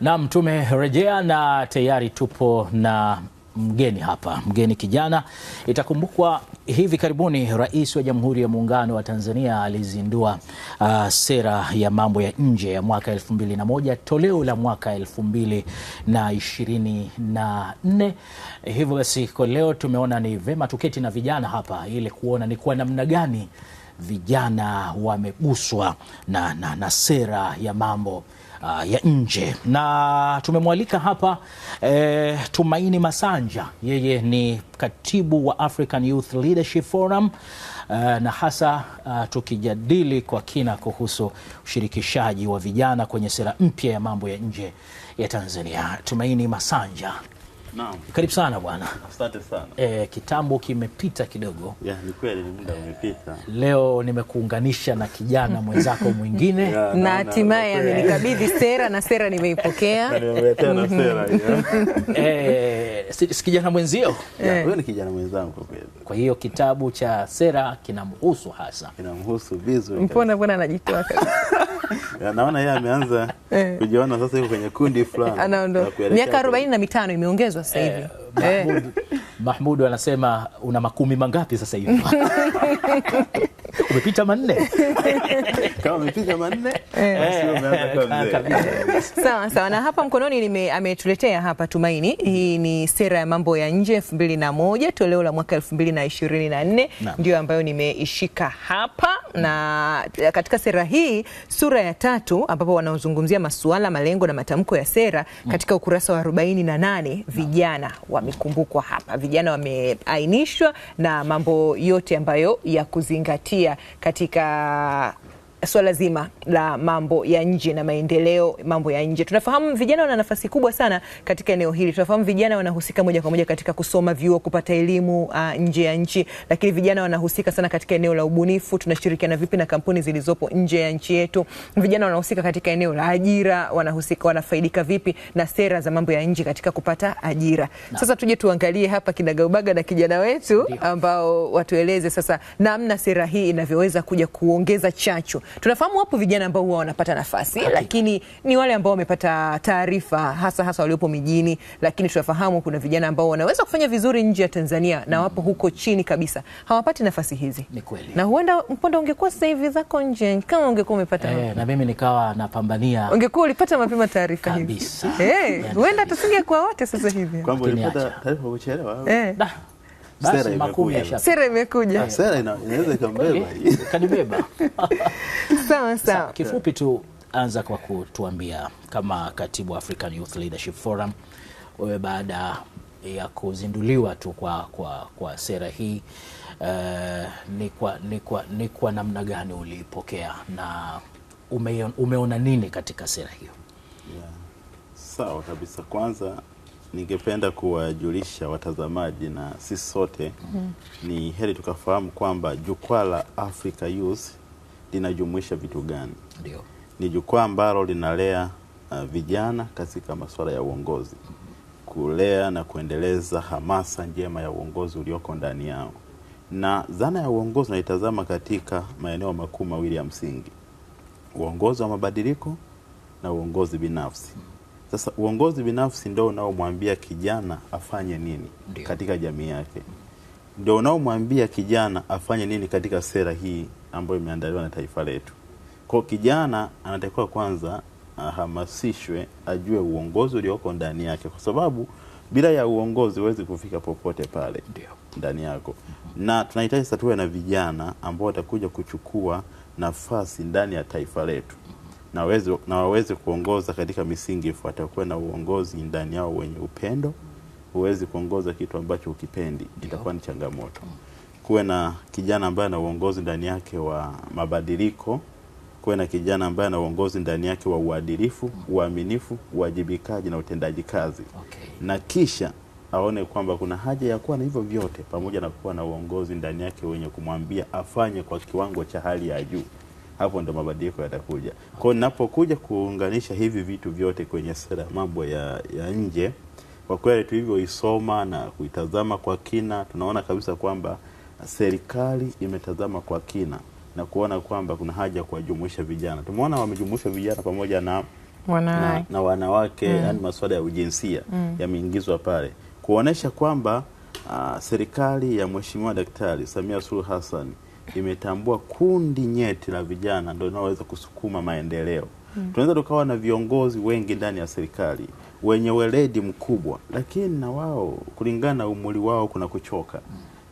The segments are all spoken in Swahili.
Naam, tumerejea na tayari tupo na mgeni hapa, mgeni kijana. Itakumbukwa hivi karibuni Rais wa Jamhuri ya Muungano wa Tanzania alizindua uh, sera ya mambo ya nje ya mwaka moja toleo la mwaka nne. Hivyo basi kwa leo tumeona ni vema tuketi na vijana hapa ili kuona ni kwa namna gani vijana wameguswa na, na, na sera ya mambo uh, ya nje, na tumemwalika hapa eh, Tumaini Masanja, yeye ni katibu wa African Youth Leadership Forum uh, na hasa uh, tukijadili kwa kina kuhusu ushirikishaji wa vijana kwenye sera mpya ya mambo ya nje ya Tanzania. Tumaini Masanja Naam. Karibu sana bwana. Asante sana. Eh, kitambo kimepita kidogo. Yeah, ni kweli ni muda umepita. Eh, Leo nimekuunganisha na kijana mwenzako mwingine yeah, na hatimaye amenikabidhi sera na sera nimeipokea. Nimeletea na sera hiyo. Eh, si kijana mwenzio? Eh. huyo ni kijana mwenzangu kwa kweli. Kwa hiyo kitabu cha sera kinamhusu hasa. Kinamhusu vizuri. Mbona bwana anajitoa kabisa naona yeye ameanza eh. kujiona sasa yuko kwenye kundi fulani, Miaka arobaini na mitano imeongezwa sasa hivi. Eh, eh. Mahmud anasema una makumi mangapi sasa hivi? umepita manne kama umepita manne eh. eh, sawa sawa. Na hapa mkononi ametuletea hapa Tumaini, hii ni sera ya mambo ya nje elfu mbili na moja toleo la mwaka elfu mbili na ishirini na nne ndio ambayo nimeishika hapa, na katika sera hii sura ya tatu ambapo wanaozungumzia masuala, malengo na matamko ya sera mm. katika ukurasa wa 48 vijana wamekumbukwa hapa, vijana wameainishwa na mambo yote ambayo ya kuzingatia katika swala zima la mambo ya nje na maendeleo mambo ya nje. Tunafahamu vijana wana nafasi kubwa sana katika eneo hili. Tunafahamu vijana wanahusika moja kwa moja katika kusoma vyuo, kupata elimu uh, nje ya nchi, lakini vijana wanahusika sana katika eneo la ubunifu. Tunashirikiana vipi na kampuni zilizopo nje ya nchi yetu? Vijana wanahusika katika eneo la ajira, wanahusika wanafaidika vipi na sera za mambo ya nje katika kupata ajira na. Sasa tuje tuangalie hapa kinagaubaga na kijana wetu ambao watueleze sasa namna sera hii inavyoweza kuja kuongeza chachu Tunafahamu wapo vijana ambao huwa wanapata nafasi, lakini ni wale ambao wamepata taarifa hasa hasa waliopo mijini, lakini tunafahamu kuna vijana ambao wanaweza kufanya vizuri nje ya Tanzania na mm. wapo huko chini kabisa, hawapati nafasi hizi. Ni kweli. Na huenda Mponda ungekuwa sasa hivi zako nje kama ungekuwa umepata. Eh, na mimi nikawa napambania. Ungekuwa ulipata mapema taarifa hivi. Kabisa. Eh, huenda tusingekuwa wote sasa hivi. Kwamba ulipata taarifa kuchelewa Eh basi makuu Sera imekuja. Ah, sera inaweza ikambeba. Kanibeba. Sawa sawa. Kifupi tu anza kwa kutuambia kama katibu African Youth Leadership Forum, wewe baada ya kuzinduliwa tu kwa, kwa, kwa sera hii uh, ni, kwa, ni, kwa, ni kwa namna gani uliipokea na ume, umeona nini katika sera hiyo? Yeah. Sawa kabisa. Kwanza ningependa kuwajulisha watazamaji na sisi sote mm -hmm. ni heri tukafahamu kwamba jukwaa la Africa Youth linajumuisha vitu gani? Ndio. Ni jukwaa ambalo linalea uh, vijana katika masuala ya uongozi mm -hmm. kulea na kuendeleza hamasa njema ya uongozi ulioko ndani yao, na dhana ya uongozi naitazama katika maeneo makuu mawili ya msingi: uongozi wa mabadiliko na uongozi binafsi mm -hmm sasa uongozi binafsi ndio unaomwambia kijana afanye nini Dio. katika jamii yake, ndio unaomwambia kijana afanye nini katika sera hii ambayo imeandaliwa na taifa letu. Kwa kijana anatakiwa kwanza ahamasishwe, ajue uongozi ulioko ndani yake, kwa sababu bila ya uongozi huwezi kufika popote pale ndani yako mm -hmm. na tunahitaji sasa tuwe na vijana ambao watakuja kuchukua nafasi ndani ya taifa letu na waweze, na waweze kuongoza katika misingi ifuatayo: kuwe na uongozi ndani yao wenye upendo. Huwezi kuongoza kitu ambacho ukipendi, itakuwa ni changamoto. Kuwe na kijana ambaye ana uongozi ndani yake wa mabadiliko. Kuwe na kijana ambaye ana uongozi ndani yake wa uadilifu, uaminifu, uwajibikaji na utendaji kazi okay. na kisha aone kwamba kuna haja ya kuwa na hivyo vyote pamoja na kuwa na uongozi ndani yake wenye kumwambia afanye kwa kiwango cha hali ya juu hapo ndo mabadiliko yatakuja. Kwa hiyo ninapokuja kuunganisha hivi vitu vyote kwenye sera mambo ya, ya nje, kwa kweli tulivyoisoma na kuitazama kwa kina, tunaona kabisa kwamba serikali imetazama kwa kina na kuona kwamba kuna haja ya kuwajumuisha vijana. Tumeona wamejumuisha vijana pamoja na na, na wanawake mm. Yani masuala ya ujinsia mm. yameingizwa pale kuonesha kwamba uh, serikali ya Mheshimiwa Daktari Samia Suluhu Hassan imetambua kundi nyeti la vijana ndio linaloweza kusukuma maendeleo. Mm. Tunaweza tukawa na viongozi wengi ndani ya serikali wenye weledi mkubwa, lakini na wao kulingana na umri wao kuna kuchoka.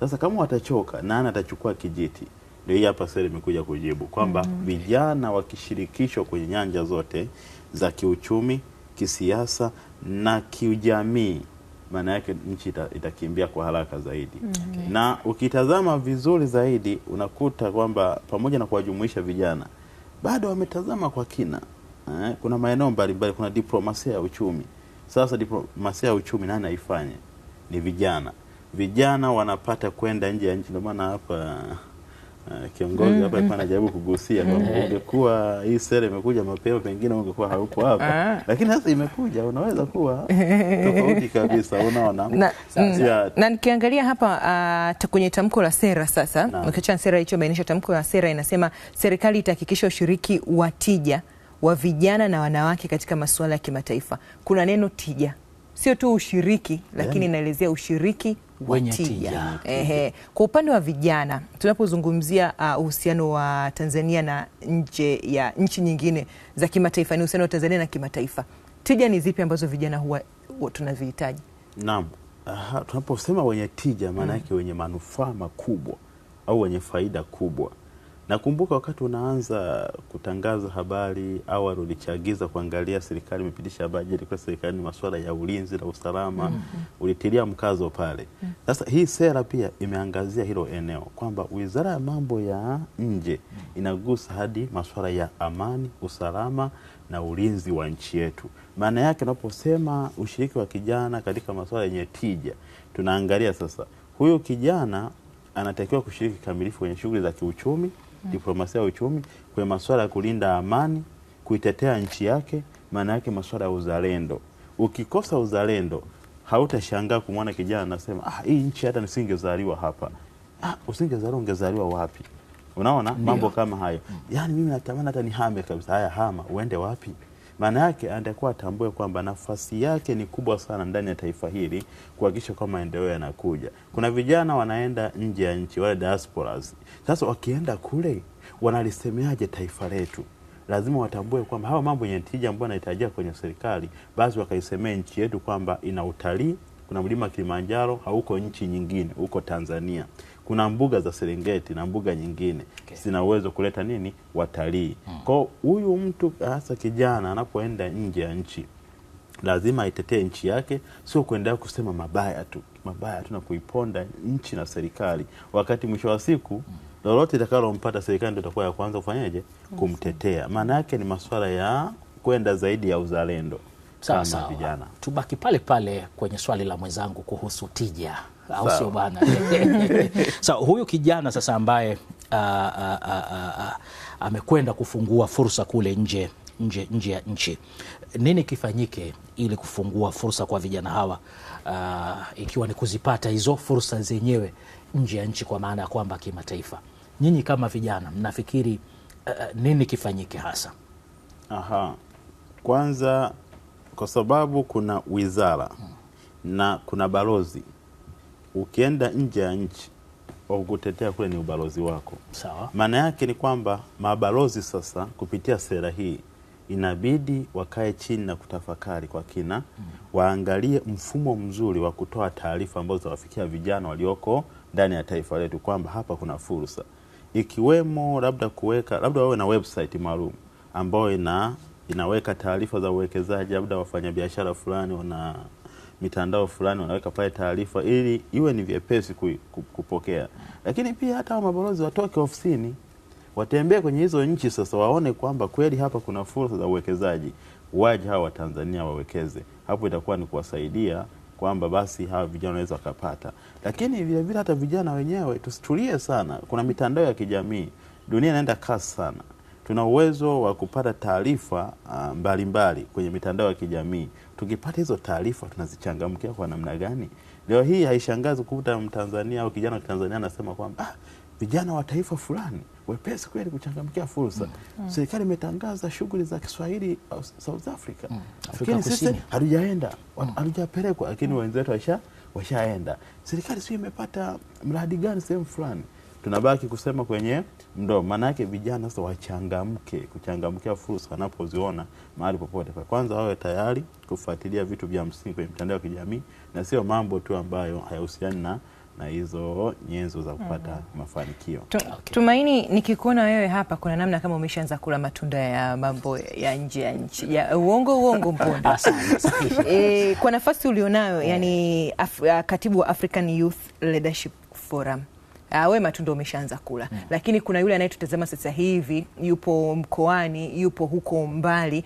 Sasa kama watachoka, nani atachukua kijiti? Ndio hii hapa sera imekuja kujibu kwamba mm -hmm. vijana wakishirikishwa kwenye nyanja zote za kiuchumi, kisiasa na kijamii maana yake nchi ita, itakimbia kwa haraka zaidi mm, okay. Na ukitazama vizuri zaidi unakuta kwamba pamoja na kuwajumuisha vijana bado wametazama kwa kina eh, kuna maeneo mbalimbali, kuna diplomasia ya uchumi. Sasa diplomasia ya uchumi nani aifanye? Ni vijana. Vijana wanapata kwenda nje ya nchi, ndio maana hapa Eh, kiongozi hapa alikuwa mm-hmm. anajaribu kugusia kwamba eh. ungekuwa hii sera imekuja mapema, pengine ungekuwa hauko hapa, ah. lakini sasa imekuja, unaweza kuwa tofauti kabisa, unaona na, mm. na nikiangalia hapa uh, kwenye tamko la sera sasa, ukiacha sera ilichobainisha, tamko la sera inasema serikali itahakikisha ushiriki wa tija wa vijana na wanawake katika masuala ya kimataifa. Kuna neno tija, sio tu ushiriki, lakini yaani? inaelezea ushiriki wenye tija. Ehe, kwa upande wa vijana tunapozungumzia ah, uhusiano uh, wa Tanzania na nje ya nchi nyingine za kimataifa, ni uhusiano wa Tanzania na kimataifa, tija ni zipi ambazo vijana huwa tunazihitaji? Naam, tunaposema wenye tija maana yake mm. wenye manufaa makubwa au wenye faida kubwa Nakumbuka wakati unaanza kutangaza habari, awali ulichagiza kuangalia serikali imepitisha bajeti kwa serikali ni masuala ya ulinzi na usalama. mm -hmm. Ulitilia mkazo pale. Mm. Sasa mm -hmm. hii sera pia imeangazia hilo eneo kwamba Wizara ya Mambo ya Nje mm. inagusa hadi masuala ya amani, usalama na ulinzi wa nchi yetu. Maana yake unaposema ushiriki wa kijana katika masuala yenye tija, tunaangalia sasa huyu kijana anatakiwa kushiriki kamilifu kwenye shughuli za kiuchumi mm. diplomasia ya uchumi, kwenye masuala ya kulinda amani, kuitetea nchi yake, maana yake masuala ya uzalendo. Ukikosa uzalendo, hautashangaa kumwona kijana anasema ah, hii nchi hata nisingezaliwa hapa. Ah, usingezaliwa ungezaliwa wapi? Unaona mambo kama hayo, mm. yani mimi natamani hata nihame kabisa. Haya, hama uende wapi? maana yake andakuwa atambue kwamba nafasi yake ni kubwa sana ndani ya taifa hili kuhakikisha kwamba maendeleo yanakuja. Kuna vijana wanaenda nje ya nchi, wale diasporas. Sasa wakienda kule wanalisemeaje taifa letu? Lazima watambue kwamba hawa mambo yenye tija ambayo yanahitajika kwenye serikali, basi wakaisemee nchi yetu kwamba ina utalii kuna mlima Kilimanjaro hauko nchi nyingine, huko Tanzania kuna mbuga za Serengeti na mbuga nyingine okay. zina uwezo kuleta nini watalii hmm. Kwao huyu mtu hasa kijana anapoenda nje ya nchi lazima aitetee nchi yake, sio kuendelea kusema mabaya tu mabaya tu na kuiponda nchi na serikali, wakati mwisho wa siku hmm. lolote itakalompata serikali ndio itakuwa ya kwanza kufanyaje hmm. kumtetea. Maana yake ni masuala ya kwenda zaidi ya uzalendo. Sawa sawa, tubaki pale pale kwenye swali la mwenzangu kuhusu tija au sio bana? Sa huyu kijana sasa ambaye uh, uh, uh, amekwenda kufungua fursa kule nje nje nje ya nchi, nini kifanyike ili kufungua fursa kwa vijana hawa uh, ikiwa ni kuzipata hizo fursa zenyewe nje ya nchi, kwa maana ya kwamba kimataifa? Nyinyi kama vijana mnafikiri uh, nini kifanyike hasa? Aha, kwanza kwa sababu kuna wizara hmm, na kuna balozi ukienda nje ya nchi wa kukutetea kule ni ubalozi wako. Sawa. Maana yake ni kwamba mabalozi sasa kupitia sera hii inabidi wakae chini na kutafakari kwa kina mm. Waangalie mfumo mzuri wa kutoa taarifa ambazo zawafikia vijana walioko ndani ya taifa letu kwamba hapa kuna fursa, ikiwemo labda kuweka labda wawe na website maalum ambayo ina, inaweka taarifa za uwekezaji, labda wafanyabiashara fulani wana mitandao fulani wanaweka pale taarifa ili iwe ni vyepesi kupokea, lakini pia hata wa mabalozi watoke ofisini watembee kwenye hizo nchi sasa, waone kwamba kweli hapa kuna fursa za uwekezaji, waje hawa Watanzania wawekeze hapo, itakuwa ni kuwasaidia kwamba basi hawa vijana wanaweza wakapata. Lakini vilevile hata vijana wenyewe tusitulie sana, kuna mitandao ya kijamii, dunia inaenda kasi sana tuna uwezo wa kupata taarifa uh, mbalimbali kwenye mitandao ya kijamii. Tukipata hizo taarifa tunazichangamkia kwa namna gani? Leo hii haishangazi kukuta Mtanzania au kijana wa Kitanzania anasema kwamba ah, vijana wa taifa fulani wepesi kweli kuchangamkia fursa mm. mm. Serikali imetangaza shughuli za Kiswahili ah, South Africa mm. sisi hatujaenda mm. hatujapelekwa, lakini mm. wenzetu washaenda. Serikali sio imepata mradi gani sehemu fulani tunabaki kusema kwenye mdomo. Maana yake vijana sasa wachangamke, kuchangamkia fursa wanapoziona mahali popote. Kwa kwanza wawe tayari kufuatilia vitu vya msingi kwenye mitandao ya kijamii na sio mambo tu ambayo hayahusiani na na hizo nyenzo za kupata mm -hmm. mafanikio. Tu, okay. Tumaini, nikikuona wewe hapa kuna namna kama umeshaanza kula matunda ya mambo ya nje ya nchi ya uongo uongo mbona e, eh, kwa nafasi ulionayo eh. yani af, katibu wa African Youth Leadership Forum uh, we tu umeshaanza kula mm. Lakini kuna yule anayetutazama sasa hivi yupo mkoani, yupo huko mbali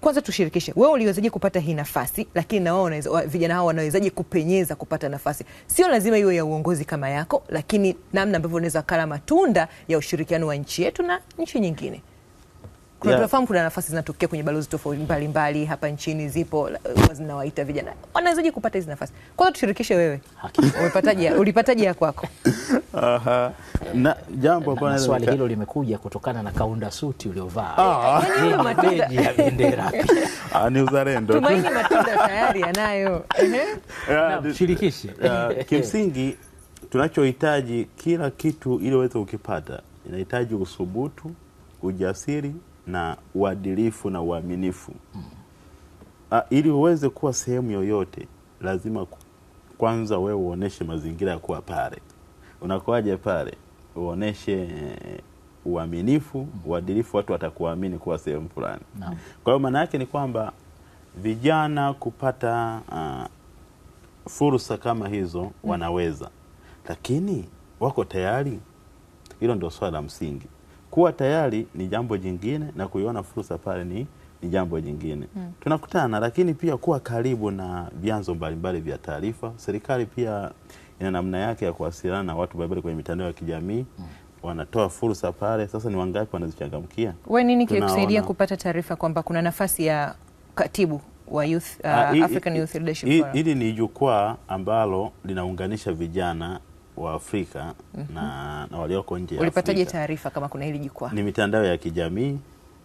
kwanza tushirikishe, wewe uliwezaje kupata hii nafasi, lakini na wao vijana hao wanawezaje kupenyeza kupata nafasi? Sio lazima iwe ya uongozi kama yako, lakini namna ambavyo unaweza kala matunda ya ushirikiano wa nchi yetu na nchi nyingine kuna yeah. tunafahamu kuna nafasi zinatokea kwenye balozi tofauti mbalimbali hapa nchini zipo zinawaita vijana wanawezaje kupata hizi nafasi kwanza tushirikishe wewe umepataje ulipataje ya kwako aha na jambo na swali hilo limekuja kutokana na kaunda suti uliovaa peji ah. ya bendera ah, ni uzalendo tumaini matunda tayari anayo shirikishe kimsingi tunachohitaji kila kitu ili uweze kukipata inahitaji usubutu ujasiri na uadilifu na uaminifu mm. Ah, A, ili uweze kuwa sehemu yoyote lazima kwanza wewe uoneshe mazingira ya kuwa pale. Unakuwaje pale? Uoneshe eh, uaminifu, uadilifu, watu watakuamini kuwa sehemu fulani no. Kwa hiyo maana yake ni kwamba vijana kupata uh, fursa kama hizo mm. wanaweza, lakini wako tayari? Hilo ndio swala la msingi kuwa tayari ni jambo jingine na kuiona fursa pale ni, ni jambo jingine hmm. Tunakutana lakini pia kuwa karibu na vyanzo mbalimbali vya taarifa. Serikali pia ina namna yake ya kuwasiliana na watu mbalimbali kwenye mitandao ya kijamii hmm. Wanatoa fursa pale, sasa ni wangapi wanazichangamkia? Wewe nini kilikusaidia kupata taarifa kwamba kuna nafasi ya katibu wa youth, ah, uh, ha, African Youth Leadership Forum? Hili ni jukwaa ambalo linaunganisha vijana wa Afrika mm -hmm. na, na walioko nje ya ulipataje taarifa kama kuna hili jukwaa? Ni mitandao ya kijamii,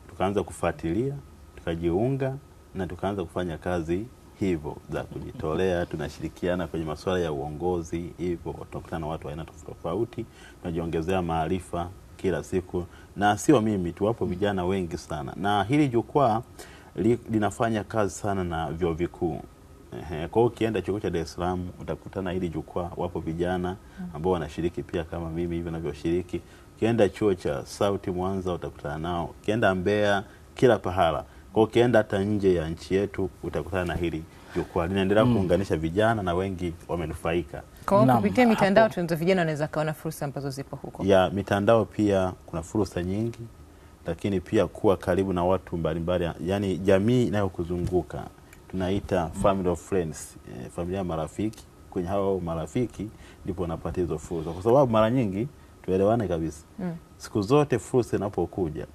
tukaanza kufuatilia, tukajiunga na tukaanza kufanya kazi hivyo za kujitolea. Tunashirikiana kwenye masuala ya uongozi, hivyo tunakutana na watu aina tofauti tofauti, tunajiongezea maarifa kila siku, na sio mimi tu, wapo vijana wengi sana, na hili jukwaa li, linafanya kazi sana na vyuo vikuu kwa hiyo ukienda chuo cha Dar es Salaam utakutana hili jukwaa, wapo vijana ambao wanashiriki pia kama mimi hivyo ninavyoshiriki. Ukienda chuo cha Sauti Mwanza utakutana nao, ukienda Mbeya, kila pahala. Kwa hiyo ukienda hata nje ya nchi yetu utakutana na hili jukwaa, linaendelea mm. kuunganisha vijana na wengi wamenufaika. Kwa hiyo kupitia mitandao tunaweza vijana wanaweza kaona fursa ambazo zipo huko. Ya mitandao pia kuna fursa nyingi, lakini pia kuwa karibu na watu mbalimbali, yani jamii inayokuzunguka tunaita family of friends, eh, familia marafiki. Kwenye hao marafiki ndipo wanapata hizo fursa, kwa sababu mara nyingi tuelewane kabisa mm. Siku zote fursa inapokuja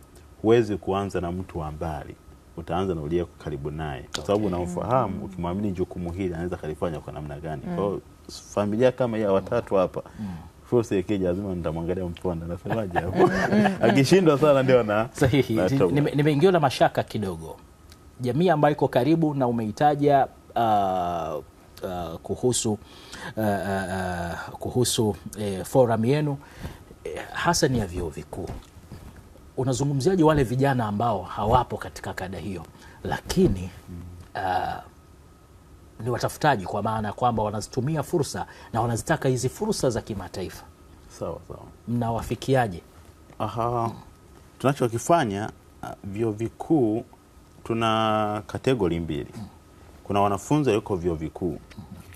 huwezi kuanza na mtu wa mbali, utaanza na uliye karibu naye, kwa sababu okay. unamfahamu mm. ukimwamini jukumu hili anaweza kalifanya kwa namna gani mm. Kwa familia kama ya watatu hapa mm. Fursa ikija lazima nitamwangalia Mponda, nasemaje hapo? Mm. Akishindwa sana ndio na sahihi. Nimeingiwa na mashaka kidogo jamii ambayo iko karibu na umeitaja uh, uh, kuhusu, uh, uh, uh kuhusu uh, forum yenu eh, hasa ni ya vyuo vikuu unazungumziaje wale vijana ambao hawapo katika kada hiyo lakini uh, ni watafutaji kwa maana ya kwamba wanazitumia fursa na wanazitaka hizi fursa za kimataifa. Sawa sawa, mnawafikiaje? Aha, tunachokifanya uh, vyuo vikuu tuna kategori mbili. Kuna wanafunzi walioko vyuo vikuu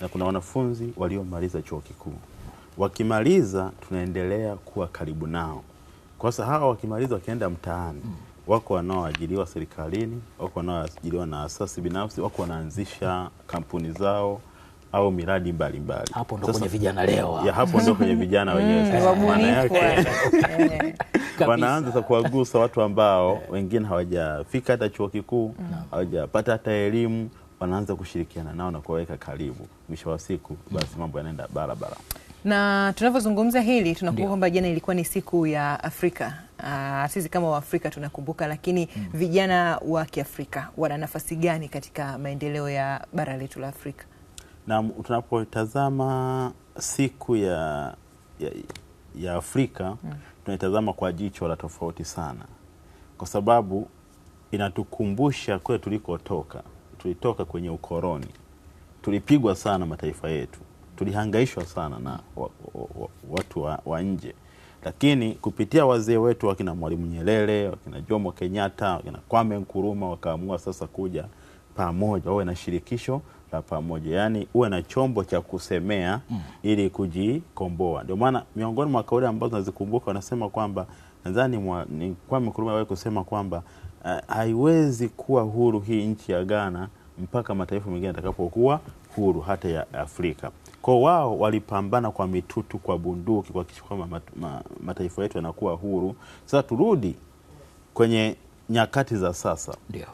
na kuna wanafunzi waliomaliza chuo kikuu. Wakimaliza tunaendelea kuwa karibu nao, kwa sababu hawa wakimaliza wakienda mtaani wako wanaoajiriwa serikalini, wako wanaoajiriwa na asasi binafsi, wako wanaanzisha kampuni zao au miradi mbalimbali. Hapo ndo kwenye vijana leo. Ya hapo ndo kwenye vijana wenyewe. Mm, Maana yake eh. wanaanza kuwagusa watu ambao wengine hawajafika hata chuo kikuu, mm. Mm. hawajapata hata elimu, wanaanza kushirikiana nao na kuwaweka karibu. Mwisho wa siku basi mambo yanaenda barabara na tunavyozungumza hili tunakumbuka kwamba jana ilikuwa ni siku ya Afrika. Aa, ah, sisi kama Waafrika tunakumbuka, lakini mm, vijana wa Kiafrika wana nafasi gani katika maendeleo ya bara letu la Afrika? na tunapotazama siku ya, ya, ya Afrika mm. tunaitazama kwa jicho la tofauti sana, kwa sababu inatukumbusha kule tulikotoka. Tulitoka kwenye ukoloni, tulipigwa sana mataifa yetu, tulihangaishwa sana na wa, wa, wa, watu wa, wa nje, lakini kupitia wazee wetu wakina Mwalimu Nyerere, wakina Jomo Kenyatta, wakina Kwame Nkuruma wakaamua sasa kuja pamoja, uwe na shirikisho la pamoja, yaani uwe na chombo cha kusemea mm. ili kujikomboa. Ndio maana miongoni mwa kauli ambazo nazikumbuka wanasema kwamba nadhani Kwame Nkrumah aliwahi kusema kwamba eh, haiwezi kuwa huru hii nchi ya Ghana mpaka mataifa mengine yatakapokuwa huru hata ya Afrika. Kwa wao walipambana kwa mitutu, kwa bunduki kuhakikisha kwamba mat, ma, mataifa yetu yanakuwa huru. Sasa turudi kwenye nyakati za sasa. Ndio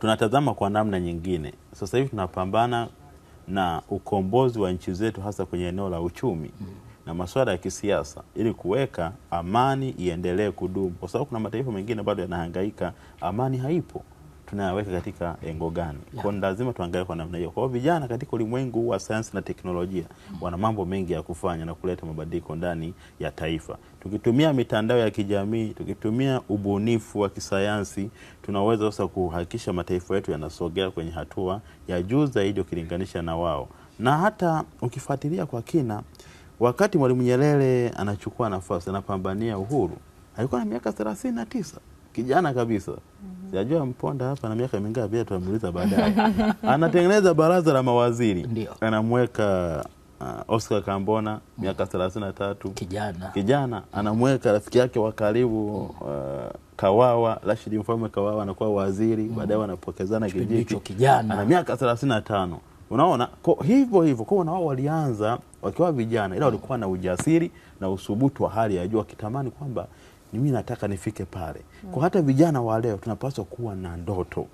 tunatazama kwa namna nyingine. Sasa hivi tunapambana na ukombozi wa nchi zetu hasa kwenye eneo la uchumi mm. na masuala ya kisiasa ili kuweka amani iendelee kudumu, kwa sababu kuna mataifa mengine bado yanahangaika, amani haipo tunayaweka katika engo gani? Kwa hiyo lazima tuangalie kwa namna hiyo. Kwa hiyo vijana katika ulimwengu wa sayansi na teknolojia mm. wana mambo mengi ya kufanya na kuleta mabadiliko ndani ya taifa. Tukitumia mitandao ya kijamii, tukitumia ubunifu wa kisayansi, tunaweza sasa kuhakikisha mataifa yetu yanasogea kwenye hatua ya juu zaidi ukilinganisha na wao, na hata ukifuatilia kwa kina, wakati Mwalimu Nyerere anachukua nafasi, anapambania uhuru, alikuwa na miaka thelathini na tisa, kijana kabisa. mm -hmm. Najua Mponda hapa na miaka mingapi, tutamuuliza baadaye. Anatengeneza baraza la mawaziri. Ndio. Anamweka uh, Oscar Kambona miaka thelathini na tatu kijana, kijana anamweka rafiki yake wa karibu uh, Kawawa Rashid Mfalme Kawawa anakuwa waziri mm. Baadaye wanapokezana kijiti, kijana ana miaka thelathini na tano Unaona hivyo hivyo, kwa nao walianza wakiwa vijana, ila walikuwa na ujasiri na usubutu wa hali ya juu, wakitamani kwamba mimi nataka nifike pale. Kwa hata vijana wa leo tunapaswa kuwa na ndoto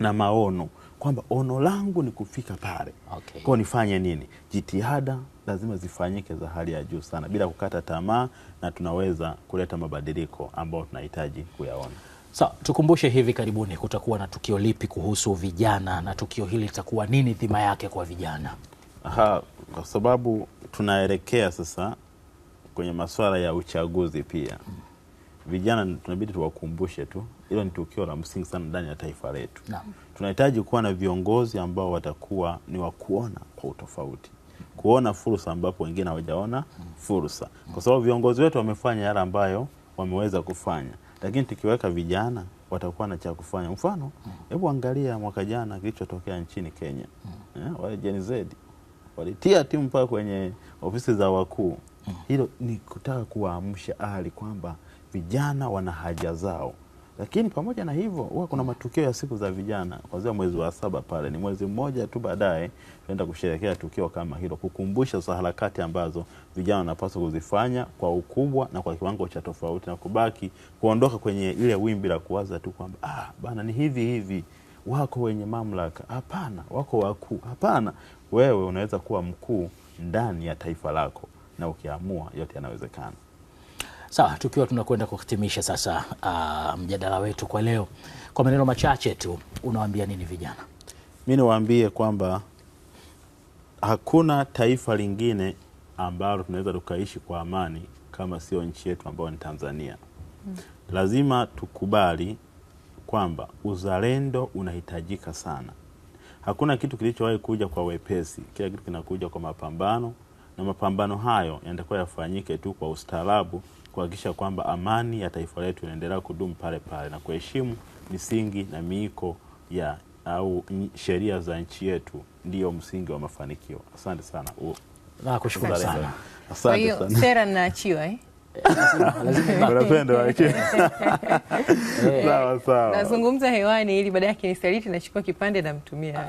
na maono kwamba ono langu ni kufika pale. Okay. Kwa nifanye nini? Jitihada lazima zifanyike za hali ya juu sana bila kukata tamaa, na tunaweza kuleta mabadiliko ambayo tunahitaji kuyaona. Sa, tukumbushe hivi karibuni kutakuwa na tukio lipi kuhusu vijana na tukio hili litakuwa nini dhima yake kwa vijana? Aha, kwa sababu tunaelekea sasa kwenye masuala ya uchaguzi pia. Hmm vijana tunabidi tuwakumbushe tu, hilo ni tukio la msingi sana ndani ya taifa letu. Tunahitaji kuwa na viongozi ambao watakuwa ni wa kuona kwa utofauti, kuona fursa ambapo wengine hawajaona fursa, kwa sababu viongozi wetu wamefanya yale ambayo wameweza kufanya, lakini tukiweka vijana watakuwa na cha kufanya. Mfano, hebu angalia mwaka jana kilichotokea nchini Kenya. Yeah, wale Gen Z walitia timu mpaka kwenye ofisi za wakuu. Hilo ni kutaka kuwaamsha hali kwamba vijana wana haja zao, lakini pamoja na hivyo huwa kuna matukio ya siku za vijana kwanzia mwezi wa saba pale, ni mwezi mmoja tu baadaye tunaenda kusherehekea tukio kama hilo, kukumbusha za harakati ambazo vijana wanapaswa kuzifanya kwa ukubwa na kwa kiwango cha tofauti, na kubaki kuondoka kwenye ile wimbi la kuwaza tu kwamba ah, bana ni hivi hivi wako wenye mamlaka. Hapana, wako wakuu. Hapana, wewe unaweza kuwa mkuu ndani ya taifa lako, na ukiamua yote yanawezekana. Sawa, tukiwa tunakwenda kuhitimisha sasa uh, mjadala wetu kwa leo, kwa maneno machache tu, unawaambia nini vijana? Mi niwaambie kwamba hakuna taifa lingine ambalo tunaweza tukaishi kwa amani kama sio nchi yetu ambayo ni Tanzania. Hmm. Lazima tukubali kwamba uzalendo unahitajika sana. Hakuna kitu kilichowahi kuja kwa wepesi, kila kitu kinakuja kwa mapambano, na mapambano hayo yanatakiwa yafanyike tu kwa ustaarabu kuhakikisha kwamba amani ya taifa letu inaendelea kudumu pale pale na kuheshimu misingi na miiko ya au sheria za nchi yetu ndiyo msingi wa mafanikio. Asante sana. Nakushukuru sana. Asante sana. sera eh? sawa eh, sawa, nazungumza hewani ili baada yake nisaliti, nachukua kipande namtumia.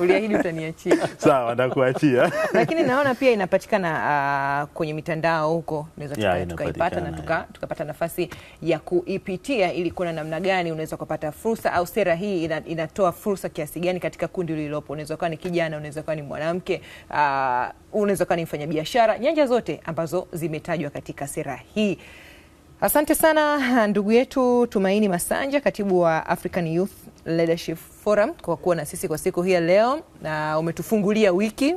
Uliahidi utaniachia. Sawa, ndakuachia. Lakini naona pia inapatikana uh, kwenye mitandao huko, tunaweza tukaipata na tukapata nafasi ya kuipitia ili kuona namna gani unaweza kupata fursa au sera hii ina, inatoa fursa kiasi gani katika kundi ulilopo. Unaweza kuwa ni kijana, unaweza kuwa ni mwanamke uh, unaweza kuwa ni mfanyabiashara, nyanja zote ambazo zimetajwa katika sera hii. Asante sana ndugu yetu Tumaini Masanja, katibu wa African Youth Leadership Forum kwa kuwa na sisi kwa siku hii ya leo, na umetufungulia wiki.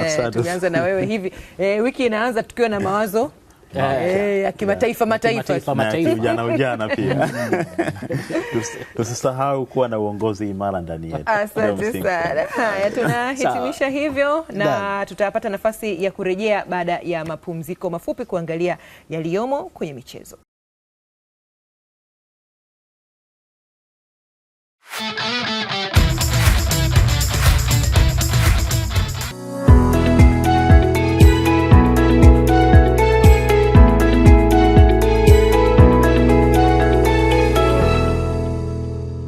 Eh, e, tumeanza na wewe hivi. E, wiki inaanza tukiwa na mawazo Eh, eh, ya kimataifa mataifa mataifa, ujana pia. Tusisahau kuwa na uongozi imara ndani yetu. Asante sana. Haya, tunahitimisha hivyo na tutapata nafasi ya kurejea baada ya mapumziko mafupi kuangalia yaliyomo kwenye michezo.